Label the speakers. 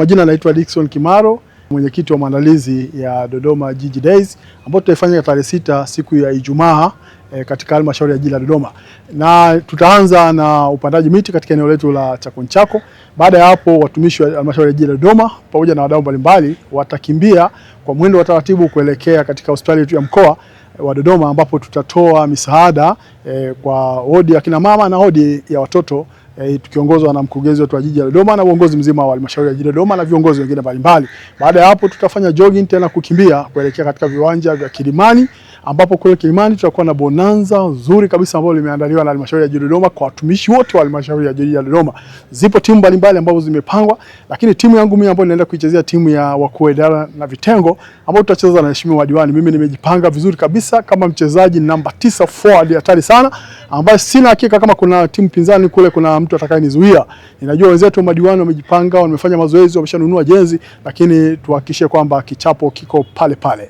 Speaker 1: majina anaitwa Dickson Kimaro, mwenyekiti wa maandalizi ya Dodoma Jiji Days ambao tutaifanya tarehe sita siku ya Ijumaa e, katika halmashauri ya jiji la Dodoma, na tutaanza na upandaji miti katika eneo letu la Chakonchako. Baada ya hapo, watumishi wa halmashauri ya jiji la Dodoma pamoja na wadau mbalimbali watakimbia kwa mwendo wa taratibu kuelekea katika hospitali yetu ya mkoa eh, wa Dodoma ambapo tutatoa misaada e, kwa wodi ya kina mama na wodi ya watoto eh, tukiongozwa na mkurugenzi wetu wa jiji la Dodoma na uongozi mzima wa halmashauri ya jiji la Dodoma na viongozi wengine mbalimbali. Baada ya hapo, tutafanya jogging tena kukimbia kuelekea katika viwanja vya Kilimani, ambapo kule Kilimani tutakuwa na bonanza nzuri kabisa ambayo limeandaliwa na halmashauri ya jiji la Dodoma kwa watumishi wote wa halmashauri ya jiji la Dodoma. Zipo timu mbalimbali ambazo zimepangwa, lakini timu yangu mimi ambayo ninaenda kuichezea timu ya wakuu wa idara na vitengo ambao tutacheza na heshimiwa diwani, Mimi nimejipanga vizuri kabisa kama mchezaji namba tisa forward hatari sana ambaye sina hakika kama kuna timu pinzani kule kuna mtu atakayenizuia. Ninajua wenzetu madiwani wamejipanga, wamefanya mazoezi, wameshanunua jezi, lakini tuhakikishe kwamba kichapo kiko pale pale.